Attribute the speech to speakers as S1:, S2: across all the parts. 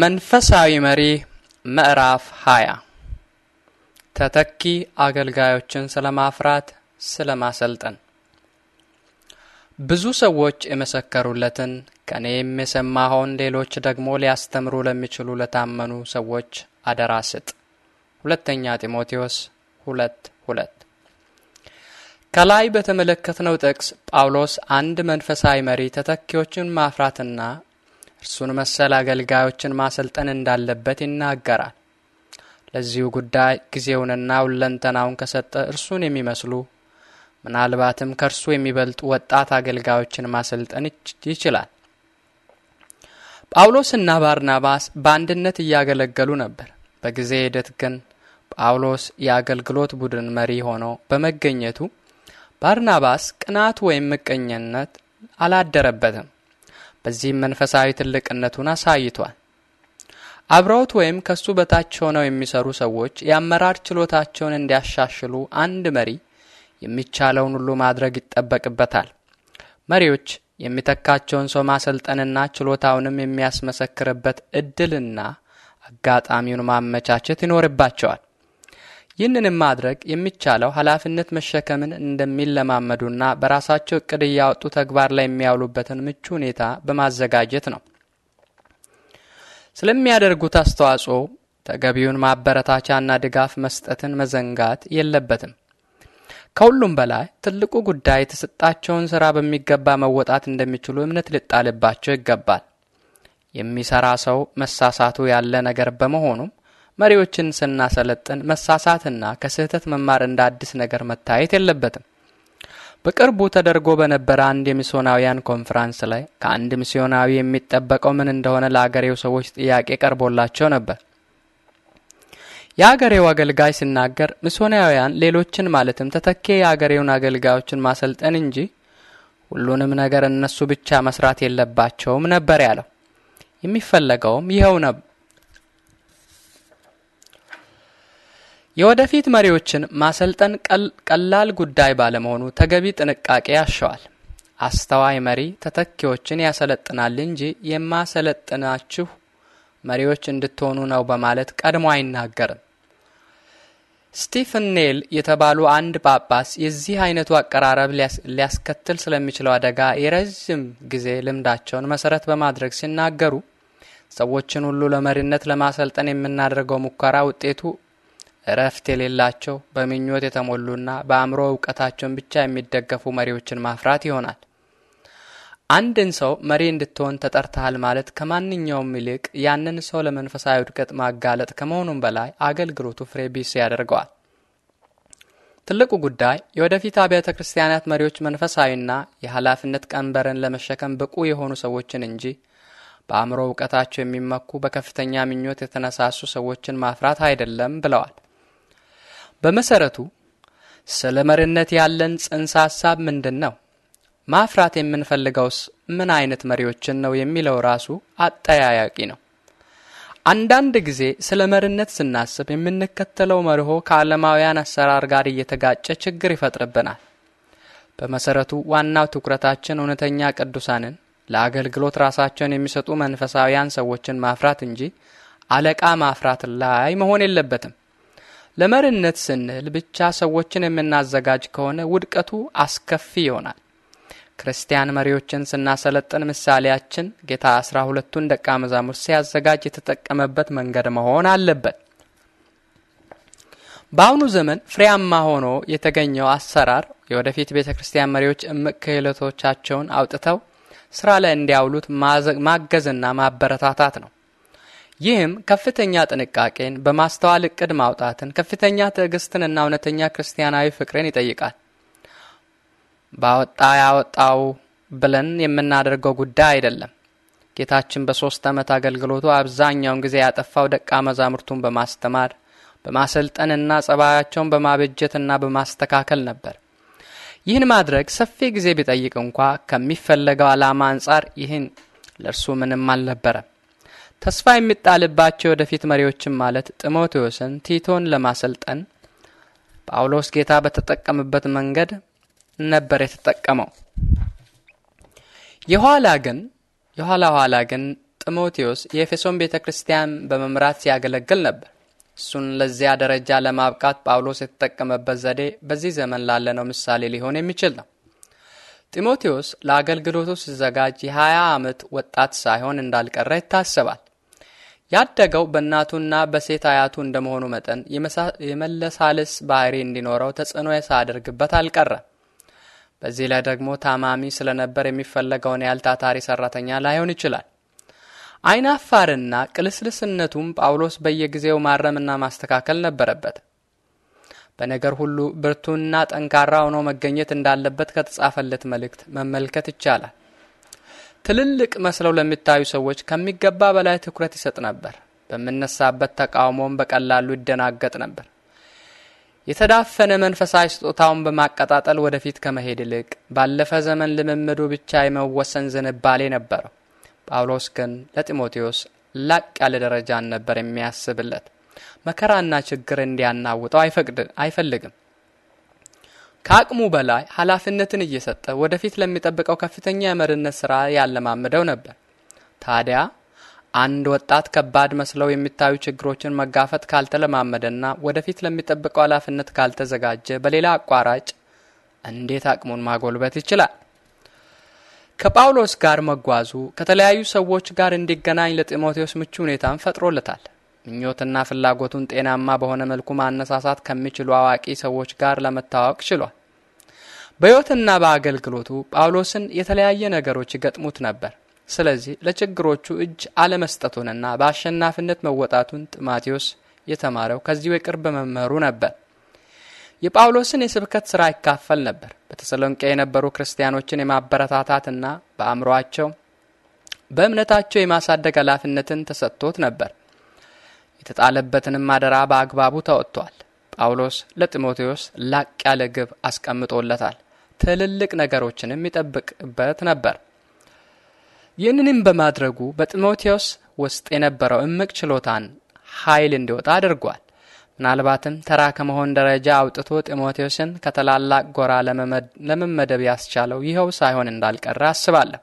S1: መንፈሳዊ መሪ ምዕራፍ 20 ተተኪ አገልጋዮችን ስለማፍራት ስለማሰልጠን ብዙ ሰዎች የመሰከሩለትን ከእኔም የሰማኸውን ሌሎች ደግሞ ሊያስተምሩ ለሚችሉ ለታመኑ ሰዎች አደራ ስጥ። ሁለተኛ ጢሞቴዎስ ሁለት ሁለት ከላይ በተመለከትነው ጥቅስ ጳውሎስ አንድ መንፈሳዊ መሪ ተተኪዎችን ማፍራትና እርሱን መሰል አገልጋዮችን ማሰልጠን እንዳለበት ይናገራል። ለዚሁ ጉዳይ ጊዜውንና ሁለንተናውን ከሰጠ እርሱን የሚመስሉ ምናልባትም ከእርሱ የሚበልጡ ወጣት አገልጋዮችን ማሰልጠን ይችላል። ጳውሎስና ባርናባስ በአንድነት እያገለገሉ ነበር። በጊዜ ሂደት ግን ጳውሎስ የአገልግሎት ቡድን መሪ ሆኖ በመገኘቱ ባርናባስ ቅናት ወይም ምቀኝነት አላደረበትም። በዚህም መንፈሳዊ ትልቅነቱን አሳይቷል። አብረውት ወይም ከሱ በታች ሆነው የሚሰሩ ሰዎች የአመራር ችሎታቸውን እንዲያሻሽሉ አንድ መሪ የሚቻለውን ሁሉ ማድረግ ይጠበቅበታል። መሪዎች የሚተካቸውን ሰው ማሰልጠንና ችሎታውንም የሚያስመሰክርበት እድልና አጋጣሚውን ማመቻቸት ይኖርባቸዋል። ይህንንም ማድረግ የሚቻለው ኃላፊነት መሸከምን እንደሚለማመዱና በራሳቸው እቅድ እያወጡ ተግባር ላይ የሚያውሉበትን ምቹ ሁኔታ በማዘጋጀት ነው። ስለሚያደርጉት አስተዋጽኦ ተገቢውን ማበረታቻና ድጋፍ መስጠትን መዘንጋት የለበትም። ከሁሉም በላይ ትልቁ ጉዳይ የተሰጣቸውን ስራ በሚገባ መወጣት እንደሚችሉ እምነት ሊጣልባቸው ይገባል። የሚሰራ ሰው መሳሳቱ ያለ ነገር በመሆኑም መሪዎችን ስናሰለጥን መሳሳትና ከስህተት መማር እንደ አዲስ ነገር መታየት የለበትም። በቅርቡ ተደርጎ በነበረ አንድ የሚስዮናውያን ኮንፈረንስ ላይ ከአንድ ሚስዮናዊ የሚጠበቀው ምን እንደሆነ ለአገሬው ሰዎች ጥያቄ ቀርቦላቸው ነበር። የአገሬው አገልጋይ ሲናገር ሚስዮናውያን ሌሎችን ማለትም ተተኬ የአገሬውን አገልጋዮችን ማሰልጠን እንጂ ሁሉንም ነገር እነሱ ብቻ መስራት የለባቸውም ነበር ያለው። የሚፈለገውም ይኸው ነበር። የወደፊት መሪዎችን ማሰልጠን ቀላል ጉዳይ ባለመሆኑ ተገቢ ጥንቃቄ ያሻዋል። አስተዋይ መሪ ተተኪዎችን ያሰለጥናል እንጂ የማሰለጥናችሁ መሪዎች እንድትሆኑ ነው በማለት ቀድሞ አይናገርም። ስቲፍን ኔል የተባሉ አንድ ጳጳስ የዚህ አይነቱ አቀራረብ ሊያስከትል ስለሚችለው አደጋ የረዥም ጊዜ ልምዳቸውን መሰረት በማድረግ ሲናገሩ ሰዎችን ሁሉ ለመሪነት ለማሰልጠን የምናደርገው ሙከራ ውጤቱ እረፍት የሌላቸው በምኞት የተሞሉና በአእምሮ እውቀታቸውን ብቻ የሚደገፉ መሪዎችን ማፍራት ይሆናል። አንድን ሰው መሪ እንድትሆን ተጠርተሃል ማለት ከማንኛውም ይልቅ ያንን ሰው ለመንፈሳዊ ውድቀት ማጋለጥ ከመሆኑም በላይ አገልግሎቱ ፍሬ ቢስ ያደርገዋል። ትልቁ ጉዳይ የወደፊት አብያተ ክርስቲያናት መሪዎች መንፈሳዊና የኃላፊነት ቀንበርን ለመሸከም ብቁ የሆኑ ሰዎችን እንጂ በአእምሮ እውቀታቸው የሚመኩ በከፍተኛ ምኞት የተነሳሱ ሰዎችን ማፍራት አይደለም ብለዋል። በመሰረቱ ስለ መሪነት ያለን ጽንሰ ሐሳብ ምንድን ነው? ማፍራት የምንፈልገውስ ምን አይነት መሪዎችን ነው የሚለው ራሱ አጠያያቂ ነው። አንዳንድ ጊዜ ስለ መሪነት ስናስብ የምንከተለው መርሆ ከዓለማውያን አሰራር ጋር እየተጋጨ ችግር ይፈጥርብናል። በመሰረቱ ዋናው ትኩረታችን እውነተኛ ቅዱሳንን ለአገልግሎት ራሳቸውን የሚሰጡ መንፈሳዊያን ሰዎችን ማፍራት እንጂ አለቃ ማፍራት ላይ መሆን የለበትም። ለመሪነት ስንል ብቻ ሰዎችን የምናዘጋጅ ከሆነ ውድቀቱ አስከፊ ይሆናል። ክርስቲያን መሪዎችን ስናሰለጥን ምሳሌያችን ጌታ አስራ ሁለቱን ደቀ መዛሙርት ሲያዘጋጅ የተጠቀመበት መንገድ መሆን አለበት። በአሁኑ ዘመን ፍሬያማ ሆኖ የተገኘው አሰራር የወደፊት ቤተ ክርስቲያን መሪዎች እምቅ ክህሎቶቻቸውን አውጥተው ስራ ላይ እንዲያውሉት ማገዝና ማበረታታት ነው። ይህም ከፍተኛ ጥንቃቄን በማስተዋል እቅድ ማውጣትን፣ ከፍተኛ ትዕግስትንና እውነተኛ ክርስቲያናዊ ፍቅርን ይጠይቃል። ባወጣ ያወጣው ብለን የምናደርገው ጉዳይ አይደለም። ጌታችን በሶስት ዓመት አገልግሎቱ አብዛኛውን ጊዜ ያጠፋው ደቀ መዛሙርቱን በማስተማር በማሰልጠንና ጸባያቸውን በማበጀትና በማስተካከል ነበር። ይህን ማድረግ ሰፊ ጊዜ ቢጠይቅ እንኳ ከሚፈለገው ዓላማ አንጻር ይህን ለእርሱ ምንም አልነበረም። ተስፋ የሚጣልባቸው ወደፊት መሪዎችን ማለት ጢሞቴዎስን፣ ቲቶን ለማሰልጠን ጳውሎስ ጌታ በተጠቀመበት መንገድ ነበር የተጠቀመው። የኋላ ግን የኋላ ኋላ ግን ጢሞቴዎስ የኤፌሶን ቤተ ክርስቲያን በመምራት ሲያገለግል ነበር። እሱን ለዚያ ደረጃ ለማብቃት ጳውሎስ የተጠቀመበት ዘዴ በዚህ ዘመን ላለነው ምሳሌ ሊሆን የሚችል ነው። ጢሞቴዎስ ለአገልግሎቱ ሲዘጋጅ የ20 ዓመት ወጣት ሳይሆን እንዳልቀረ ይታሰባል። ያደገው በእናቱና በሴት አያቱ እንደመሆኑ መጠን የመለሳልስ ባህሪ እንዲኖረው ተጽዕኖ ሳያደርግበት አልቀረ። በዚህ ላይ ደግሞ ታማሚ ስለነበር የሚፈለገውን ያህል ታታሪ ሰራተኛ ላይሆን ይችላል። አይናፋርና ቅልስልስነቱም ጳውሎስ በየጊዜው ማረምና ማስተካከል ነበረበት። በነገር ሁሉ ብርቱና ጠንካራ ሆኖ መገኘት እንዳለበት ከተጻፈለት መልእክት መመልከት ይቻላል። ትልልቅ መስለው ለሚታዩ ሰዎች ከሚገባ በላይ ትኩረት ይሰጥ ነበር። በምነሳበት ተቃውሞም በቀላሉ ይደናገጥ ነበር። የተዳፈነ መንፈሳዊ ስጦታውን በማቀጣጠል ወደፊት ከመሄድ ይልቅ ባለፈ ዘመን ልምምዱ ብቻ የመወሰን ዝንባሌ ነበረው። ጳውሎስ ግን ለጢሞቴዎስ ላቅ ያለ ደረጃን ነበር የሚያስብለት። መከራና ችግር እንዲያናውጠው አይፈልግም። ከአቅሙ በላይ ኃላፊነትን እየሰጠ ወደፊት ለሚጠብቀው ከፍተኛ የመሪነት ስራ ያለማምደው ነበር። ታዲያ አንድ ወጣት ከባድ መስለው የሚታዩ ችግሮችን መጋፈጥ ካልተለማመደና ወደፊት ለሚጠብቀው ኃላፊነት ካልተዘጋጀ በሌላ አቋራጭ እንዴት አቅሙን ማጎልበት ይችላል? ከጳውሎስ ጋር መጓዙ ከተለያዩ ሰዎች ጋር እንዲገናኝ ለጢሞቴዎስ ምቹ ሁኔታን ፈጥሮለታል። ምኞትና ፍላጎቱን ጤናማ በሆነ መልኩ ማነሳሳት ከሚችሉ አዋቂ ሰዎች ጋር ለመታወቅ ችሏል። በሕይወትና በአገልግሎቱ ጳውሎስን የተለያየ ነገሮች ይገጥሙት ነበር። ስለዚህ ለችግሮቹ እጅ አለመስጠቱንና በአሸናፊነት መወጣቱን ጢሞቴዎስ የተማረው ከዚሁ የቅርብ መምህሩ ነበር። የጳውሎስን የስብከት ሥራ ይካፈል ነበር። በተሰሎንቄ የነበሩ ክርስቲያኖችን የማበረታታትና በአእምሯቸው በእምነታቸው የማሳደግ ኃላፊነትን ተሰጥቶት ነበር። የተጣለበትንም አደራ በአግባቡ ተወጥቷል። ጳውሎስ ለጢሞቴዎስ ላቅ ያለ ግብ አስቀምጦለታል። ትልልቅ ነገሮችንም ይጠብቅበት ነበር። ይህንንም በማድረጉ በጢሞቴዎስ ውስጥ የነበረው እምቅ ችሎታን ኃይል እንዲወጣ አድርጓል። ምናልባትም ተራ ከመሆን ደረጃ አውጥቶ ጢሞቴዎስን ከታላላቅ ጎራ ለመመደብ ያስቻለው ይኸው ሳይሆን እንዳልቀረ አስባለሁ።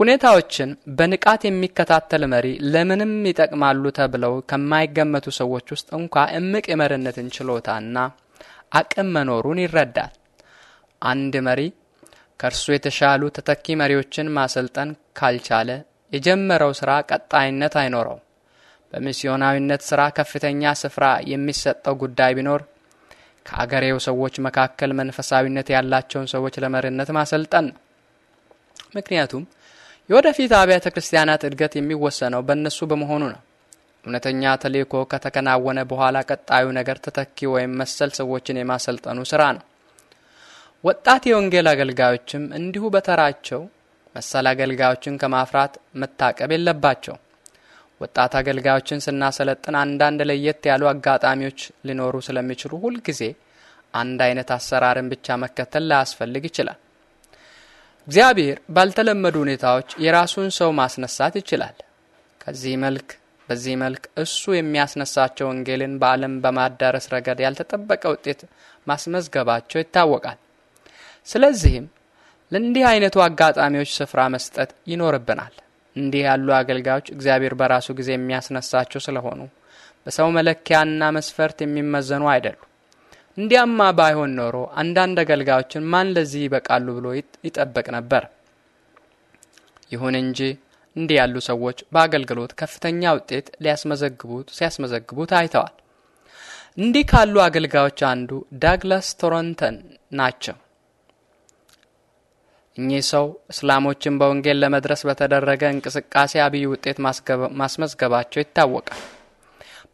S1: ሁኔታዎችን በንቃት የሚከታተል መሪ ለምንም ይጠቅማሉ ተብለው ከማይገመቱ ሰዎች ውስጥ እንኳ እምቅ የመሪነትን ችሎታና አቅም መኖሩን ይረዳል። አንድ መሪ ከእርሱ የተሻሉ ተተኪ መሪዎችን ማሰልጠን ካልቻለ የጀመረው ሥራ ቀጣይነት አይኖረው። በሚስዮናዊነት ሥራ ከፍተኛ ስፍራ የሚሰጠው ጉዳይ ቢኖር ከአገሬው ሰዎች መካከል መንፈሳዊነት ያላቸውን ሰዎች ለመሪነት ማሰልጠን ነው። ምክንያቱም የወደፊት አብያተ ክርስቲያናት እድገት የሚወሰነው በእነሱ በመሆኑ ነው። እውነተኛ ተልእኮ ከተከናወነ በኋላ ቀጣዩ ነገር ተተኪ ወይም መሰል ሰዎችን የማሰልጠኑ ስራ ነው። ወጣት የወንጌል አገልጋዮችም እንዲሁ በተራቸው መሰል አገልጋዮችን ከማፍራት መታቀብ የለባቸው። ወጣት አገልጋዮችን ስናሰለጥን አንዳንድ ለየት ያሉ አጋጣሚዎች ሊኖሩ ስለሚችሉ ሁልጊዜ አንድ አይነት አሰራርን ብቻ መከተል ላያስፈልግ ይችላል። እግዚአብሔር ባልተለመዱ ሁኔታዎች የራሱን ሰው ማስነሳት ይችላል። ከዚህ መልክ በዚህ መልክ እሱ የሚያስነሳቸው ወንጌልን በዓለም በማዳረስ ረገድ ያልተጠበቀ ውጤት ማስመዝገባቸው ይታወቃል። ስለዚህም ለእንዲህ አይነቱ አጋጣሚዎች ስፍራ መስጠት ይኖርብናል። እንዲህ ያሉ አገልጋዮች እግዚአብሔር በራሱ ጊዜ የሚያስነሳቸው ስለሆኑ በሰው መለኪያና መስፈርት የሚመዘኑ አይደሉም። እንዲያማ ባይሆን ኖሮ አንዳንድ አገልጋዮችን ማን ለዚህ ይበቃሉ ብሎ ይጠበቅ ነበር። ይሁን እንጂ እንዲህ ያሉ ሰዎች በአገልግሎት ከፍተኛ ውጤት ሊያስመዘግቡት ሲያስመዘግቡት አይተዋል። እንዲህ ካሉ አገልጋዮች አንዱ ዳግላስ ቶሮንተን ናቸው። እኚህ ሰው እስላሞችን በወንጌል ለመድረስ በተደረገ እንቅስቃሴ አብይ ውጤት ማስመዝገባቸው ይታወቃል።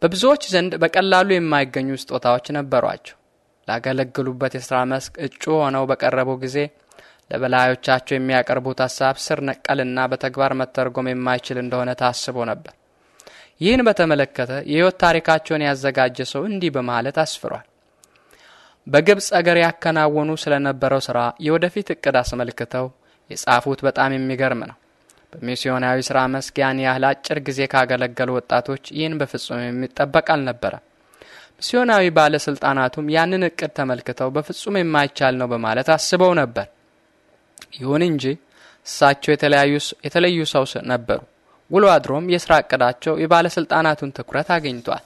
S1: በብዙዎች ዘንድ በቀላሉ የማይገኙ ስጦታዎች ነበሯቸው። ላገለግሉበት የሥራ መስክ እጩ ሆነው በቀረቡ ጊዜ ለበላዮቻቸው የሚያቀርቡት ሐሳብ ስር ነቀልና በተግባር መተርጎም የማይችል እንደሆነ ታስቦ ነበር። ይህን በተመለከተ የሕይወት ታሪካቸውን ያዘጋጀ ሰው እንዲህ በማለት አስፍሯል። በግብፅ አገር ያከናወኑ ስለነበረው ሥራ የወደፊት እቅድ አስመልክተው የጻፉት በጣም የሚገርም ነው። በሚስዮናዊ ሥራ መስክ ያን ያህል አጭር ጊዜ ካገለገሉ ወጣቶች ይህን በፍጹም የሚጠበቅ አልነበረም። ሲዮናዊ ባለስልጣናቱም ያንን እቅድ ተመልክተው በፍጹም የማይቻል ነው በማለት አስበው ነበር። ይሁን እንጂ እሳቸው የተለዩ ሰው ነበሩ። ውሎ አድሮም የስራ እቅዳቸው የባለስልጣናቱን ትኩረት አግኝቷል።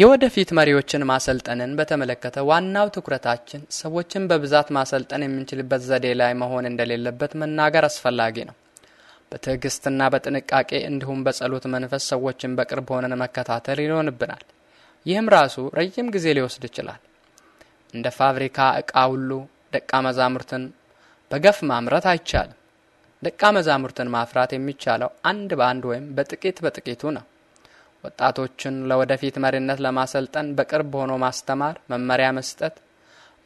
S1: የወደፊት መሪዎችን ማሰልጠንን በተመለከተ ዋናው ትኩረታችን ሰዎችን በብዛት ማሰልጠን የምንችልበት ዘዴ ላይ መሆን እንደሌለበት መናገር አስፈላጊ ነው። በትዕግስትና በጥንቃቄ እንዲሁም በጸሎት መንፈስ ሰዎችን በቅርብ ሆነን መከታተል ይሆንብናል። ይህም ራሱ ረጅም ጊዜ ሊወስድ ይችላል። እንደ ፋብሪካ ዕቃ ሁሉ ደቀ መዛሙርትን በገፍ ማምረት አይቻልም። ደቀ መዛሙርትን ማፍራት የሚቻለው አንድ በአንድ ወይም በጥቂት በጥቂቱ ነው። ወጣቶችን ለወደፊት መሪነት ለማሰልጠን በቅርብ ሆኖ ማስተማር፣ መመሪያ መስጠት፣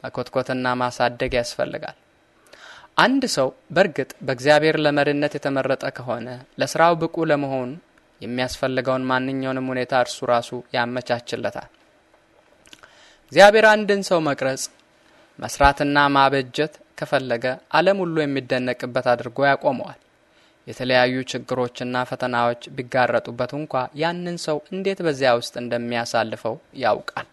S1: መኮትኮትና ማሳደግ ያስፈልጋል። አንድ ሰው በእርግጥ በእግዚአብሔር ለመሪነት የተመረጠ ከሆነ ለስራው ብቁ ለመሆን የሚያስፈልገውን ማንኛውንም ሁኔታ እርሱ ራሱ ያመቻችለታል። እግዚአብሔር አንድን ሰው መቅረጽ፣ መስራትና ማበጀት ከፈለገ ዓለም ሁሉ የሚደነቅበት አድርጎ ያቆመዋል። የተለያዩ ችግሮችና ፈተናዎች ቢጋረጡበት እንኳ ያንን ሰው እንዴት በዚያ ውስጥ እንደሚያሳልፈው ያውቃል።